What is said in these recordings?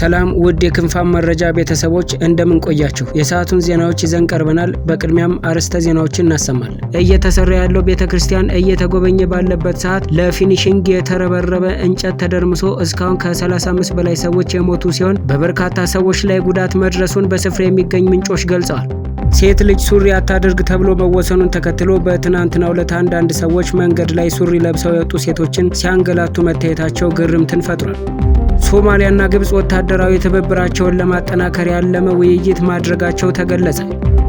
ሰላም ውድ የክንፋም መረጃ ቤተሰቦች እንደምን ቆያችሁ? የሰዓቱን ዜናዎች ይዘን ቀርበናል። በቅድሚያም አርዕስተ ዜናዎችን እናሰማል። እየተሰራ ያለው ቤተ ክርስቲያን እየተጎበኘ ባለበት ሰዓት ለፊኒሽንግ የተረበረበ እንጨት ተደርምሶ እስካሁን ከ35 በላይ ሰዎች የሞቱ ሲሆን በበርካታ ሰዎች ላይ ጉዳት መድረሱን በስፍራ የሚገኝ ምንጮች ገልጸዋል። ሴት ልጅ ሱሪ አታድርግ ተብሎ መወሰኑን ተከትሎ በትናንትናው ዕለት አንዳንድ ሰዎች መንገድ ላይ ሱሪ ለብሰው የወጡ ሴቶችን ሲያንገላቱ መታየታቸው ግርምትን ፈጥሯል። ሶማሊያና ግብፅ ወታደራዊ ትብብራቸውን ለማጠናከር ያለመ ውይይት ማድረጋቸው ተገለጸ።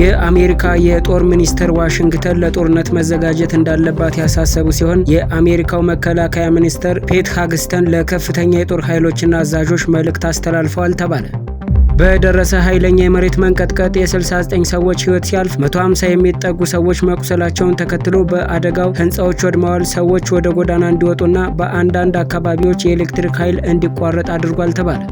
የአሜሪካ የጦር ሚኒስትር ዋሽንግተን ለጦርነት መዘጋጀት እንዳለባት ያሳሰቡ ሲሆን የአሜሪካው መከላከያ ሚኒስትር ፔት ለከፍተኛ የጦር ኃይሎችና አዛዦች መልእክት አስተላልፈዋል ተባለ። በደረሰ ኃይለኛ የመሬት መንቀጥቀጥ የ69 ሰዎች ህይወት ሲያልፍ 150 የሚጠጉ ሰዎች መቁሰላቸውን ተከትሎ በአደጋው ህንፃዎች ወድመዋል። ሰዎች ወደ ጎዳና እንዲወጡና በአንዳንድ አካባቢዎች የኤሌክትሪክ ኃይል እንዲቋረጥ አድርጓል ተባለ።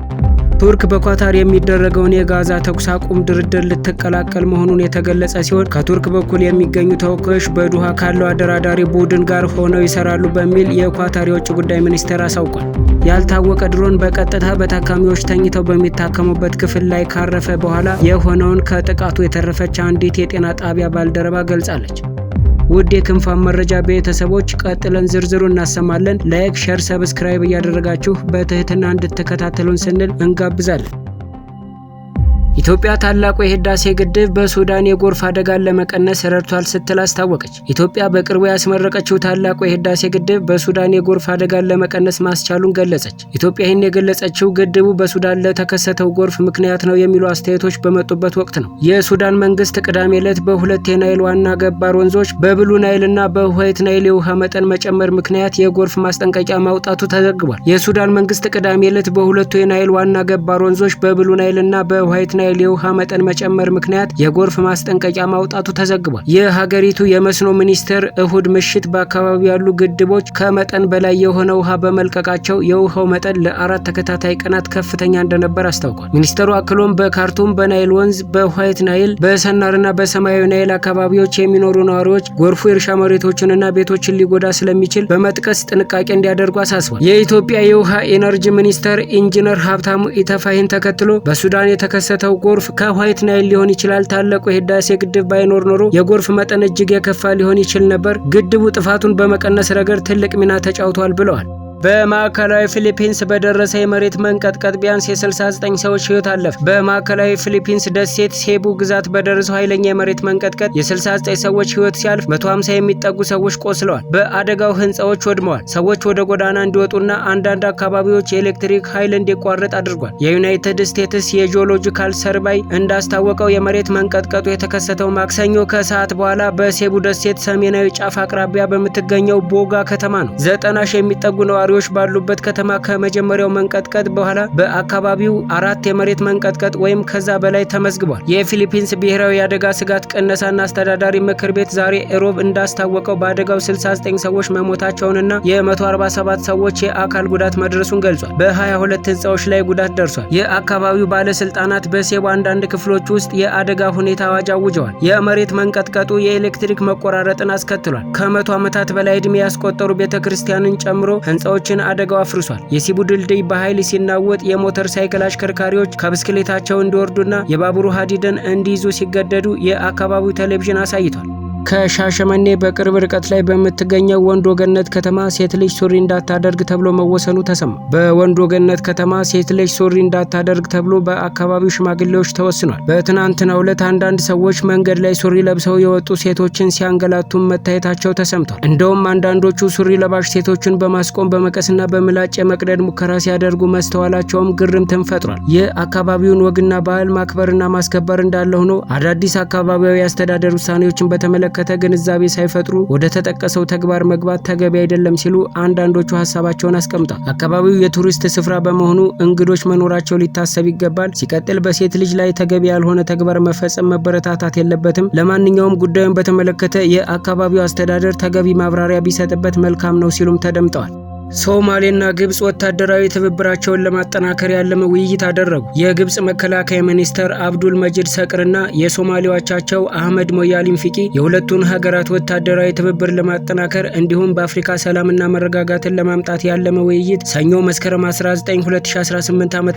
ቱርክ በኳታር የሚደረገውን የጋዛ ተኩስ አቁም ድርድር ልትቀላቀል መሆኑን የተገለጸ ሲሆን ከቱርክ በኩል የሚገኙ ተወካዮች በዱሃ ካለው አደራዳሪ ቡድን ጋር ሆነው ይሰራሉ በሚል የኳታር የውጭ ጉዳይ ሚኒስቴር አሳውቋል። ያልታወቀ ድሮን በቀጥታ በታካሚዎች ተኝተው በሚታከሙበት ክፍል ላይ ካረፈ በኋላ የሆነውን ከጥቃቱ የተረፈች አንዲት የጤና ጣቢያ ባልደረባ ገልጻለች። ውድ የክንፋን መረጃ ቤተሰቦች ቀጥለን ዝርዝሩ እናሰማለን። ላይክ፣ ሸር፣ ሰብስክራይብ እያደረጋችሁ በትህትና እንድትከታተሉን ስንል እንጋብዛለን። ኢትዮጵያ ታላቁ የህዳሴ ግድብ በሱዳን የጎርፍ አደጋን ለመቀነስ ረድቷል ስትል አስታወቀች። ኢትዮጵያ በቅርቡ ያስመረቀችው ታላቁ የህዳሴ ግድብ በሱዳን የጎርፍ አደጋን ለመቀነስ ማስቻሉን ገለጸች። ኢትዮጵያ ይህን የገለጸችው ግድቡ በሱዳን ለተከሰተው ጎርፍ ምክንያት ነው የሚሉ አስተያየቶች በመጡበት ወቅት ነው። የሱዳን መንግስት ቅዳሜ ዕለት በሁለት የናይል ዋና ገባር ወንዞች በብሉ ናይልና በሁዋይት ናይል የውሃ መጠን መጨመር ምክንያት የጎርፍ ማስጠንቀቂያ ማውጣቱ ተዘግቧል። የሱዳን መንግስት ቅዳሜ ዕለት በሁለቱ የናይል ዋና ገባር ወንዞች በብሉ ናይልና በሁዋይት ናይል የውሃ መጠን መጨመር ምክንያት የጎርፍ ማስጠንቀቂያ ማውጣቱ ተዘግቧል። የሀገሪቱ የመስኖ ሚኒስቴር እሁድ ምሽት በአካባቢው ያሉ ግድቦች ከመጠን በላይ የሆነ ውሃ በመልቀቃቸው የውሃው መጠን ለአራት ተከታታይ ቀናት ከፍተኛ እንደነበር አስታውቋል። ሚኒስቴሩ አክሎም በካርቱም፣ በናይል ወንዝ፣ በኋይት ናይል፣ በሰናርና በሰማያዊ ናይል አካባቢዎች የሚኖሩ ነዋሪዎች ጎርፉ የእርሻ መሬቶችንና ቤቶችን ሊጎዳ ስለሚችል በመጥቀስ ጥንቃቄ እንዲያደርጉ አሳስቧል። የኢትዮጵያ የውሃ ኢነርጂ ሚኒስቴር ኢንጂነር ሀብታሙ ኢተፋሂን ተከትሎ በሱዳን የተከሰተው ጎርፍ ከዋይት ናይል ሊሆን ይችላል። ታላቁ የህዳሴ ግድብ ባይኖር ኖሮ የጎርፍ መጠን እጅግ የከፋ ሊሆን ይችል ነበር። ግድቡ ጥፋቱን በመቀነስ ረገድ ትልቅ ሚና ተጫውቷል ብለዋል። በማዕከላዊ ፊሊፒንስ በደረሰ የመሬት መንቀጥቀጥ ቢያንስ የ69 ሰዎች ህይወት አለፈ። በማዕከላዊ ፊሊፒንስ ደሴት ሴቡ ግዛት በደረሰው ኃይለኛ የመሬት መንቀጥቀጥ የ69 ሰዎች ህይወት ሲያልፍ 150 የሚጠጉ ሰዎች ቆስለዋል። በአደጋው ህንፃዎች ወድመዋል። ሰዎች ወደ ጎዳና እንዲወጡና አንዳንድ አካባቢዎች የኤሌክትሪክ ኃይል እንዲቋረጥ አድርጓል። የዩናይትድ ስቴትስ የጂኦሎጂካል ሰርቫይ እንዳስታወቀው የመሬት መንቀጥቀጡ የተከሰተው ማክሰኞ ከሰዓት በኋላ በሴቡ ደሴት ሰሜናዊ ጫፍ አቅራቢያ በምትገኘው ቦጋ ከተማ ነው። ዘጠና ሺህ የሚጠጉ ነዋሪ ነዋሪዎች ባሉበት ከተማ ከመጀመሪያው መንቀጥቀጥ በኋላ በአካባቢው አራት የመሬት መንቀጥቀጥ ወይም ከዛ በላይ ተመዝግቧል። የፊሊፒንስ ብሔራዊ የአደጋ ስጋት ቅነሳና አስተዳዳሪ ምክር ቤት ዛሬ እሮብ እንዳስታወቀው በአደጋው 69 ሰዎች መሞታቸውንና የ147 ሰዎች የአካል ጉዳት መድረሱን ገልጿል። በ22 ህንፃዎች ላይ ጉዳት ደርሷል። የአካባቢው ባለስልጣናት በሴቡ አንዳንድ ክፍሎች ውስጥ የአደጋ ሁኔታ አዋጅ አውጀዋል። የመሬት መንቀጥቀጡ የኤሌክትሪክ መቆራረጥን አስከትሏል። ከመቶ ዓመታት በላይ ዕድሜ ያስቆጠሩ ቤተ ክርስቲያንን ጨምሮ ህንፃዎች ከተሞችን አደጋው አፍርሷል። የሲቡ ድልድይ በኃይል ሲናወጥ የሞተር ሳይክል አሽከርካሪዎች ከብስክሌታቸው እንዲወርዱና የባቡሩ ሀዲድን እንዲይዙ ሲገደዱ የአካባቢው ቴሌቪዥን አሳይቷል። ከሻሸመኔ በቅርብ ርቀት ላይ በምትገኘው ወንዶ ገነት ከተማ ሴት ልጅ ሱሪ እንዳታደርግ ተብሎ መወሰኑ ተሰማ። በወንዶ ገነት ከተማ ሴት ልጅ ሱሪ እንዳታደርግ ተብሎ በአካባቢው ሽማግሌዎች ተወስኗል። በትናንትናው ዕለት አንዳንድ ሰዎች መንገድ ላይ ሱሪ ለብሰው የወጡ ሴቶችን ሲያንገላቱም መታየታቸው ተሰምቷል። እንደውም አንዳንዶቹ ሱሪ ለባሽ ሴቶችን በማስቆም በመቀስና በምላጭ የመቅደድ ሙከራ ሲያደርጉ መስተዋላቸውም ግርምትን ፈጥሯል። ይህ አካባቢውን ወግና ባህል ማክበርና ማስከበር እንዳለ ሆኖ አዳዲስ አካባቢያዊ አስተዳደር ውሳኔዎችን በተመለከተ በተመለከተ ግንዛቤ ሳይፈጥሩ ወደ ተጠቀሰው ተግባር መግባት ተገቢ አይደለም ሲሉ አንዳንዶቹ ሀሳባቸውን አስቀምጧል። አካባቢው የቱሪስት ስፍራ በመሆኑ እንግዶች መኖራቸው ሊታሰብ ይገባል። ሲቀጥል በሴት ልጅ ላይ ተገቢ ያልሆነ ተግባር መፈጸም መበረታታት የለበትም። ለማንኛውም ጉዳዩን በተመለከተ የአካባቢው አስተዳደር ተገቢ ማብራሪያ ቢሰጥበት መልካም ነው ሲሉም ተደምጠዋል። ሶማሌና ግብጽ ወታደራዊ ትብብራቸውን ለማጠናከር ያለመ ውይይት አደረጉ። የግብጽ መከላከያ ሚኒስተር አብዱል መጂድ ሰቅርና የሶማሌው አቻቸው አህመድ ሞያሊም ፊቂ የሁለቱን ሀገራት ወታደራዊ ትብብር ለማጠናከር እንዲሁም በአፍሪካ ሰላምና መረጋጋትን ለማምጣት ያለመ ውይይት ሰኞ መስከረም 19 2018 ዓ ም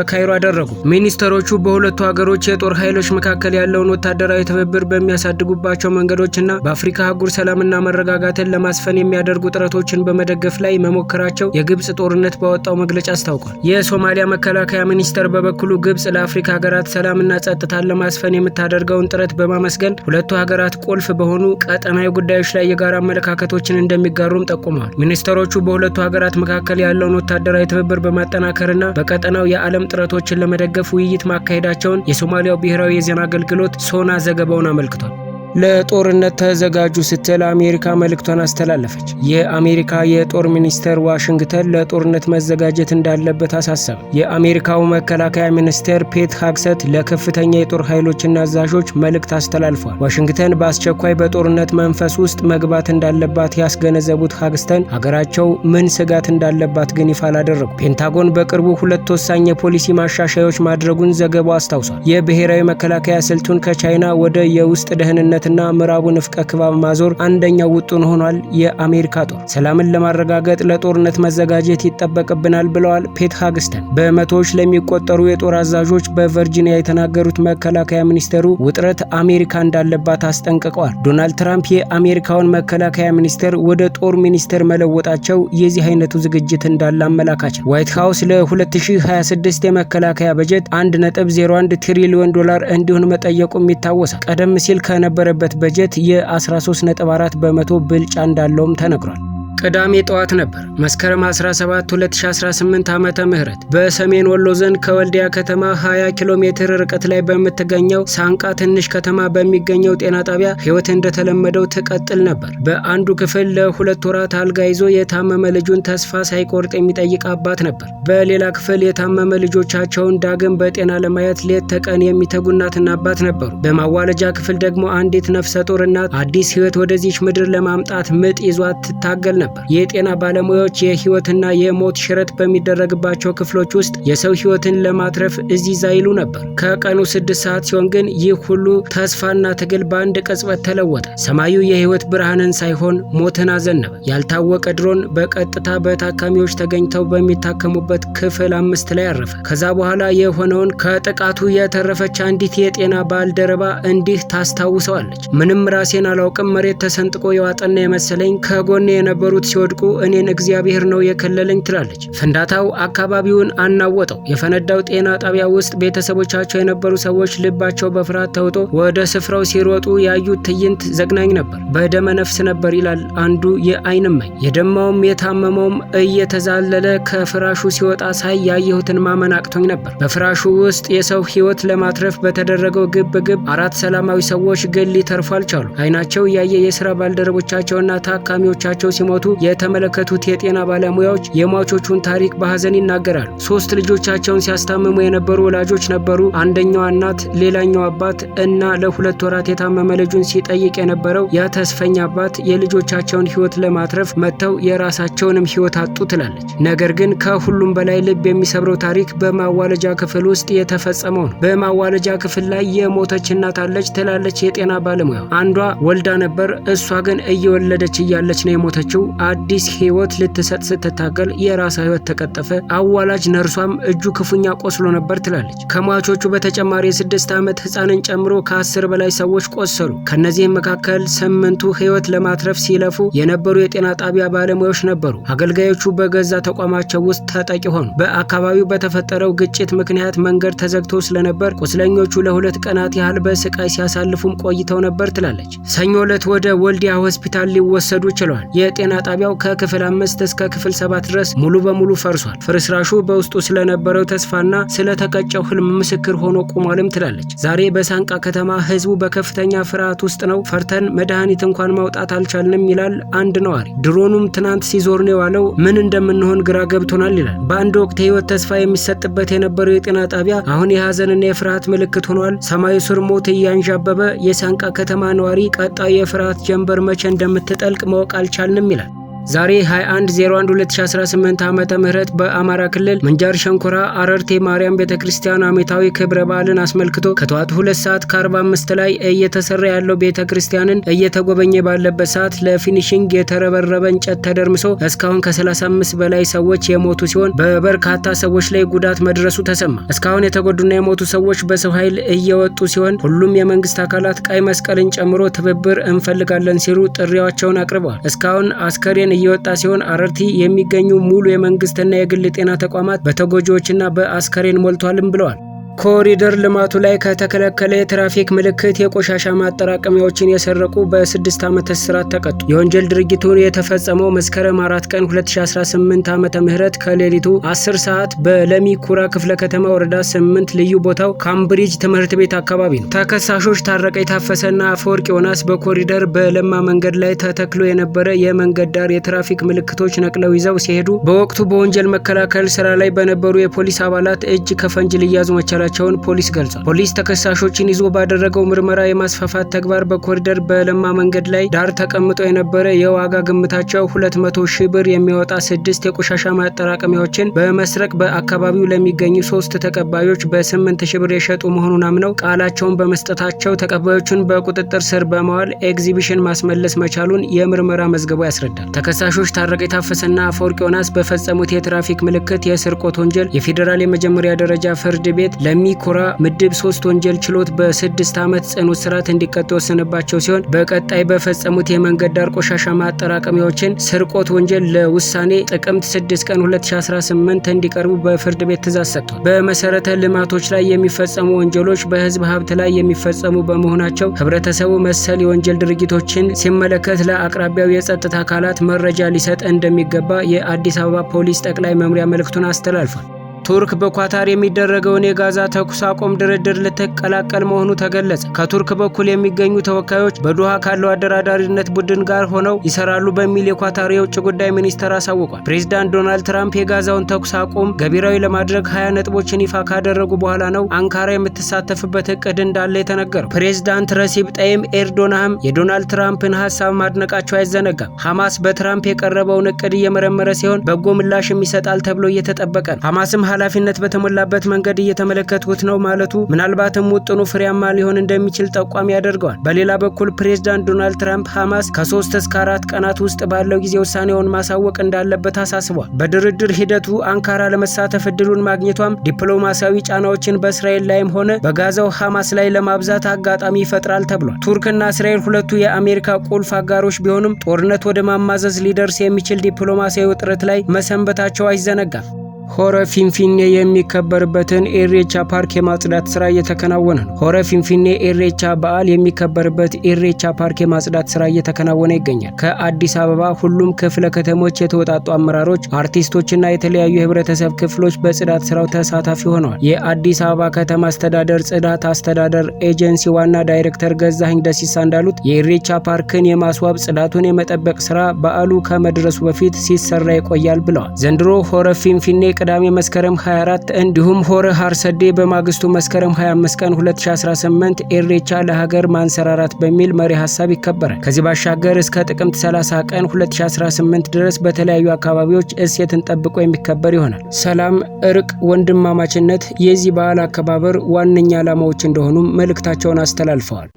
በካይሮ አደረጉ። ሚኒስተሮቹ በሁለቱ ሀገሮች የጦር ኃይሎች መካከል ያለውን ወታደራዊ ትብብር በሚያሳድጉባቸው መንገዶችና በአፍሪካ አህጉር ሰላምና መረጋጋትን ለማስፈን የሚያደርጉ ጥረቶችን በመደገፍ ላይ መ መሞከራቸው የግብጽ ጦርነት ባወጣው መግለጫ አስታውቋል። የሶማሊያ መከላከያ ሚኒስተር በበኩሉ ግብጽ ለአፍሪካ ሀገራት ሰላምና ጸጥታን ለማስፈን የምታደርገውን ጥረት በማመስገን ሁለቱ ሀገራት ቁልፍ በሆኑ ቀጠናዊ ጉዳዮች ላይ የጋራ አመለካከቶችን እንደሚጋሩም ጠቁመዋል። ሚኒስተሮቹ በሁለቱ ሀገራት መካከል ያለውን ወታደራዊ ትብብር በማጠናከርና በቀጠናው የዓለም ጥረቶችን ለመደገፍ ውይይት ማካሄዳቸውን የሶማሊያው ብሔራዊ የዜና አገልግሎት ሶና ዘገባውን አመልክቷል። ለጦርነት ተዘጋጁ ስትል አሜሪካ መልእክቷን አስተላለፈች። የአሜሪካ የጦር ሚኒስቴር ዋሽንግተን ለጦርነት መዘጋጀት እንዳለበት አሳሰበ። የአሜሪካው መከላከያ ሚኒስቴር ፔት ሀግሰት ለከፍተኛ የጦር ኃይሎችና አዛዦች መልእክት አስተላልፏል። ዋሽንግተን በአስቸኳይ በጦርነት መንፈስ ውስጥ መግባት እንዳለባት ያስገነዘቡት ሀግስተን ሀገራቸው ምን ስጋት እንዳለባት ግን ይፋ አላደረጉ። ፔንታጎን በቅርቡ ሁለት ወሳኝ የፖሊሲ ማሻሻያዎች ማድረጉን ዘገባው አስታውሷል። የብሔራዊ መከላከያ ስልቱን ከቻይና ወደ የውስጥ ደህንነት መግባትና ምዕራቡ ንፍቀ ክባብ ማዞር አንደኛው ውጡን ሆኗል። የአሜሪካ ጦር ሰላምን ለማረጋገጥ ለጦርነት መዘጋጀት ይጠበቅብናል ብለዋል ፔት ሃግስተን። በመቶዎች ለሚቆጠሩ የጦር አዛዦች በቨርጂኒያ የተናገሩት መከላከያ ሚኒስተሩ ውጥረት አሜሪካ እንዳለባት አስጠንቅቀዋል። ዶናልድ ትራምፕ የአሜሪካውን መከላከያ ሚኒስተር ወደ ጦር ሚኒስተር መለወጣቸው የዚህ አይነቱ ዝግጅት እንዳለ አመላካች ዋይት ሃውስ ለ2026 የመከላከያ በጀት 1.01 ትሪሊዮን ዶላር እንዲሆን መጠየቁም ይታወሳል። ቀደም ሲል ከነበረ በነበረበት በጀት የ13.4 በመቶ ብልጫ እንዳለውም ተነግሯል። ቅዳሜ ጠዋት ነበር መስከረም 17 2018 ዓመተ ምህረት በሰሜን ወሎ ዘንድ ከወልዲያ ከተማ 20 ኪሎ ሜትር ርቀት ላይ በምትገኘው ሳንቃ ትንሽ ከተማ በሚገኘው ጤና ጣቢያ ህይወት እንደተለመደው ትቀጥል ነበር። በአንዱ ክፍል ለሁለት ወራት አልጋ ይዞ የታመመ ልጁን ተስፋ ሳይቆርጥ የሚጠይቅ አባት ነበር። በሌላ ክፍል የታመመ ልጆቻቸውን ዳግም በጤና ለማየት ሌት ተቀን የሚተጉ እናትና አባት ነበሩ። በማዋለጃ ክፍል ደግሞ አንዲት ነፍሰ ጡር እናት አዲስ ህይወት ወደዚች ምድር ለማምጣት ምጥ ይዟት ትታገል ነበር። ነበር። የጤና ባለሙያዎች የህይወትና የሞት ሽረት በሚደረግባቸው ክፍሎች ውስጥ የሰው ህይወትን ለማትረፍ እዚህ ዛ ይሉ ነበር። ከቀኑ ስድስት ሰዓት ሲሆን ግን ይህ ሁሉ ተስፋና ትግል በአንድ ቅጽበት ተለወጠ። ሰማዩ የህይወት ብርሃንን ሳይሆን ሞትን አዘነበ። ያልታወቀ ድሮን በቀጥታ በታካሚዎች ተገኝተው በሚታከሙበት ክፍል አምስት ላይ አረፈ። ከዛ በኋላ የሆነውን ከጥቃቱ የተረፈች አንዲት የጤና ባልደረባ እንዲህ ታስታውሰዋለች። ምንም ራሴን አላውቅም። መሬት ተሰንጥቆ የዋጠና የመሰለኝ ከጎኔ የነበሩ ከወንበሮች ሲወድቁ እኔን እግዚአብሔር ነው የከለለኝ ትላለች። ፍንዳታው አካባቢውን አናወጠው። የፈነዳው ጤና ጣቢያ ውስጥ ቤተሰቦቻቸው የነበሩ ሰዎች ልባቸው በፍርሃት ተውጦ ወደ ስፍራው ሲሮጡ ያዩት ትዕይንት ዘግናኝ ነበር። በደመ ነፍስ ነበር ይላል አንዱ የአይን እማኝ። የደማውም የታመመውም እየተዛለለ ከፍራሹ ሲወጣ ሳይ ያየሁትን ማመን አቅቶኝ ነበር። በፍራሹ ውስጥ የሰው ሕይወት ለማትረፍ በተደረገው ግብ ግብ አራት ሰላማዊ ሰዎች ግን ሊተርፉ አልቻሉ። አይናቸው እያየ የስራ ባልደረቦቻቸውና ታካሚዎቻቸው ሲሞ ሲሞቱ የተመለከቱት የጤና ባለሙያዎች የሟቾቹን ታሪክ በሀዘን ይናገራሉ። ሶስት ልጆቻቸውን ሲያስታምሙ የነበሩ ወላጆች ነበሩ። አንደኛዋ እናት፣ ሌላኛው አባት እና ለሁለት ወራት የታመመ ልጁን ሲጠይቅ የነበረው ያ ተስፈኛ አባት የልጆቻቸውን ህይወት ለማትረፍ መጥተው የራሳቸውንም ህይወት አጡ ትላለች። ነገር ግን ከሁሉም በላይ ልብ የሚሰብረው ታሪክ በማዋለጃ ክፍል ውስጥ የተፈጸመው ነው። በማዋለጃ ክፍል ላይ የሞተች እናት አለች ትላለች የጤና ባለሙያ። አንዷ ወልዳ ነበር፣ እሷ ግን እየወለደች እያለች ነው የሞተችው። አዲስ ህይወት ልትሰጥ ስትታገል የራሷ ህይወት ተቀጠፈ። አዋላጅ ነርሷም እጁ ክፉኛ ቆስሎ ነበር ትላለች። ከሟቾቹ በተጨማሪ የስድስት ዓመት ህፃንን ጨምሮ ከአስር በላይ ሰዎች ቆሰሉ። ከእነዚህም መካከል ስምንቱ ህይወት ለማትረፍ ሲለፉ የነበሩ የጤና ጣቢያ ባለሙያዎች ነበሩ። አገልጋዮቹ በገዛ ተቋማቸው ውስጥ ተጠቂ ሆኑ። በአካባቢው በተፈጠረው ግጭት ምክንያት መንገድ ተዘግቶ ስለነበር ቁስለኞቹ ለሁለት ቀናት ያህል በስቃይ ሲያሳልፉም ቆይተው ነበር ትላለች። ሰኞ ዕለት ወደ ወልዲያ ሆስፒታል ሊወሰዱ ችለዋል። የጤና ጣቢያው ከክፍል አምስት እስከ ክፍል ሰባት ድረስ ሙሉ በሙሉ ፈርሷል። ፍርስራሹ በውስጡ ስለነበረው ተስፋና ስለተቀጨው ህልም ምስክር ሆኖ ቆሟልም ትላለች። ዛሬ በሳንቃ ከተማ ህዝቡ በከፍተኛ ፍርሃት ውስጥ ነው። ፈርተን መድኃኒት እንኳን ማውጣት አልቻልንም ይላል አንድ ነዋሪ። ድሮኑም ትናንት ሲዞር ነው የዋለው። ምን እንደምንሆን ግራ ገብቶናል ይላል። በአንድ ወቅት የህይወት ተስፋ የሚሰጥበት የነበረው የጤና ጣቢያ አሁን የሀዘንና የፍርሃት ምልክት ሆኗል። ሰማዩ ስር ሞት እያንዣበበ የሳንቃ ከተማ ነዋሪ ቀጣዩ የፍርሃት ጀንበር መቼ እንደምትጠልቅ ማወቅ አልቻልንም ይላል። ዛሬ 21/01/2018 ዓመተ ምህረት በአማራ ክልል ምንጃር ሸንኮራ አረርቴ ማርያም ቤተክርስቲያን ዓመታዊ ክብረ በዓልን አስመልክቶ ከጠዋቱ 2 ሰዓት ከ45 ላይ እየተሰራ ያለው ቤተክርስቲያንን እየተጎበኘ ባለበት ሰዓት ለፊኒሽንግ የተረበረበ እንጨት ተደርምሶ እስካሁን ከ35 በላይ ሰዎች የሞቱ ሲሆን በበርካታ ሰዎች ላይ ጉዳት መድረሱ ተሰማ። እስካሁን የተጎዱና የሞቱ ሰዎች በሰው ኃይል እየወጡ ሲሆን ሁሉም የመንግስት አካላት ቀይ መስቀልን ጨምሮ ትብብር እንፈልጋለን ሲሉ ጥሪያቸውን አቅርበዋል። እስካሁን አስከሬን እየወጣ ሲሆን አረርቲ የሚገኙ ሙሉ የመንግስትና የግል ጤና ተቋማት በተጎጂዎችና በአስከሬን ሞልቷልም ብለዋል። ኮሪደር ልማቱ ላይ ከተከለከለ የትራፊክ ምልክት የቆሻሻ ማጠራቀሚያዎችን የሰረቁ በስድስት ዓመት እስራት ተቀጡ። የወንጀል ድርጊቱን የተፈጸመው መስከረም አራት ቀን 2018 ዓመተ ምህረት ከሌሊቱ 10 ሰዓት በለሚ ኩራ ክፍለ ከተማ ወረዳ 8 ልዩ ቦታው ካምብሪጅ ትምህርት ቤት አካባቢ ነው። ተከሳሾች ታረቀ የታፈሰና አፈወርቅ ዮናስ በኮሪደር በለማ መንገድ ላይ ተተክሎ የነበረ የመንገድ ዳር የትራፊክ ምልክቶች ነቅለው ይዘው ሲሄዱ በወቅቱ በወንጀል መከላከል ስራ ላይ በነበሩ የፖሊስ አባላት እጅ ከፈንጅ ሊያዙ መቻላቸው መያዛቸውን ፖሊስ ገልጿል። ፖሊስ ተከሳሾችን ይዞ ባደረገው ምርመራ የማስፋፋት ተግባር በኮሪደር በለማ መንገድ ላይ ዳር ተቀምጦ የነበረ የዋጋ ግምታቸው 200 ሺህ ብር የሚወጣ ስድስት የቆሻሻ ማጠራቀሚያዎችን በመስረቅ በአካባቢው ለሚገኙ ሶስት ተቀባዮች በ8 ብር የሸጡ መሆኑን አምነው ቃላቸውን በመስጠታቸው ተቀባዮቹን በቁጥጥር ስር በማዋል ኤግዚቢሽን ማስመለስ መቻሉን የምርመራ መዝገቡ ያስረዳል። ተከሳሾች ታረቀ የታፈሰና አፈወርቅ ዮናስ በፈጸሙት የትራፊክ ምልክት የስርቆት ወንጀል የፌዴራል የመጀመሪያ ደረጃ ፍርድ ቤት የሚኮራ ምድብ ሶስት ወንጀል ችሎት በስድስት ዓመት ጽኑ እስራት እንዲቀጡ የወሰነባቸው ሲሆን በቀጣይ በፈጸሙት የመንገድ ዳር ቆሻሻ ማጠራቀሚያዎችን ስርቆት ወንጀል ለውሳኔ ጥቅምት 6 ቀን 2018 እንዲቀርቡ በፍርድ ቤት ትእዛዝ ሰጥቷል። በመሰረተ ልማቶች ላይ የሚፈጸሙ ወንጀሎች በህዝብ ሀብት ላይ የሚፈጸሙ በመሆናቸው ህብረተሰቡ መሰል የወንጀል ድርጊቶችን ሲመለከት ለአቅራቢያው የጸጥታ አካላት መረጃ ሊሰጥ እንደሚገባ የአዲስ አበባ ፖሊስ ጠቅላይ መምሪያ መልእክቱን አስተላልፏል። ቱርክ በኳታር የሚደረገውን የጋዛ ተኩስ አቁም ድርድር ልትቀላቀል መሆኑ ተገለጸ። ከቱርክ በኩል የሚገኙ ተወካዮች በዱሃ ካለው አደራዳሪነት ቡድን ጋር ሆነው ይሰራሉ በሚል የኳታር የውጭ ጉዳይ ሚኒስቴር አሳውቋል። ፕሬዚዳንት ዶናልድ ትራምፕ የጋዛውን ተኩስ አቁም ገቢራዊ ለማድረግ ሀያ ነጥቦችን ይፋ ካደረጉ በኋላ ነው አንካራ የምትሳተፍበት እቅድ እንዳለ የተነገረው። ፕሬዚዳንት ረሲብ ጠይም ኤርዶናህም የዶናልድ ትራምፕን ሀሳብ ማድነቃቸው አይዘነጋም። ሐማስ በትራምፕ የቀረበውን እቅድ እየመረመረ ሲሆን በጎ ምላሽም ይሰጣል ተብሎ እየተጠበቀ ነው። ሐማስም ኃላፊነት በተሞላበት መንገድ እየተመለከቱት ነው ማለቱ ምናልባትም ውጥኑ ፍሬያማ ሊሆን እንደሚችል ጠቋሚ ያደርገዋል። በሌላ በኩል ፕሬዝዳንት ዶናልድ ትራምፕ ሐማስ ከሶስት እስከ አራት ቀናት ውስጥ ባለው ጊዜ ውሳኔውን ማሳወቅ እንዳለበት አሳስቧል። በድርድር ሂደቱ አንካራ ለመሳተፍ እድሉን ማግኘቷም ዲፕሎማሲያዊ ጫናዎችን በእስራኤል ላይም ሆነ በጋዛው ሐማስ ላይ ለማብዛት አጋጣሚ ይፈጥራል ተብሏል። ቱርክና እስራኤል ሁለቱ የአሜሪካ ቁልፍ አጋሮች ቢሆኑም ጦርነት ወደ ማማዘዝ ሊደርስ የሚችል ዲፕሎማሲያዊ ውጥረት ላይ መሰንበታቸው አይዘነጋም። ሆረ ፊንፊኔ የሚከበርበትን ኤሬቻ ፓርክ የማጽዳት ስራ እየተከናወነ ነው። ሆረ ፊንፊኔ ኤሬቻ በዓል የሚከበርበት ኤሬቻ ፓርክ የማጽዳት ስራ እየተከናወነ ይገኛል። ከአዲስ አበባ ሁሉም ክፍለ ከተሞች የተወጣጡ አመራሮች፣ አርቲስቶችና የተለያዩ የህብረተሰብ ክፍሎች በጽዳት ስራው ተሳታፊ ሆነዋል። የአዲስ አበባ ከተማ አስተዳደር ጽዳት አስተዳደር ኤጀንሲ ዋና ዳይሬክተር ገዛኸኝ ደሲሳ እንዳሉት የኤሬቻ ፓርክን የማስዋብ ጽዳቱን የመጠበቅ ስራ በዓሉ ከመድረሱ በፊት ሲሰራ ይቆያል ብለዋል። ዘንድሮ ሆረ ፊንፊኔ ቅዳሜ መስከረም 24 እንዲሁም ሆረ ሀርሰዴ በማግስቱ መስከረም 25 ቀን 2018 ኤሬቻ ለሀገር ማንሰራራት በሚል መሪ ሀሳብ ይከበራል። ከዚህ ባሻገር እስከ ጥቅምት 30 ቀን 2018 ድረስ በተለያዩ አካባቢዎች እሴትን ጠብቆ የሚከበር ይሆናል። ሰላም፣ እርቅ፣ ወንድማማችነት የዚህ በዓል አከባበር ዋነኛ ዓላማዎች እንደሆኑም መልእክታቸውን አስተላልፈዋል።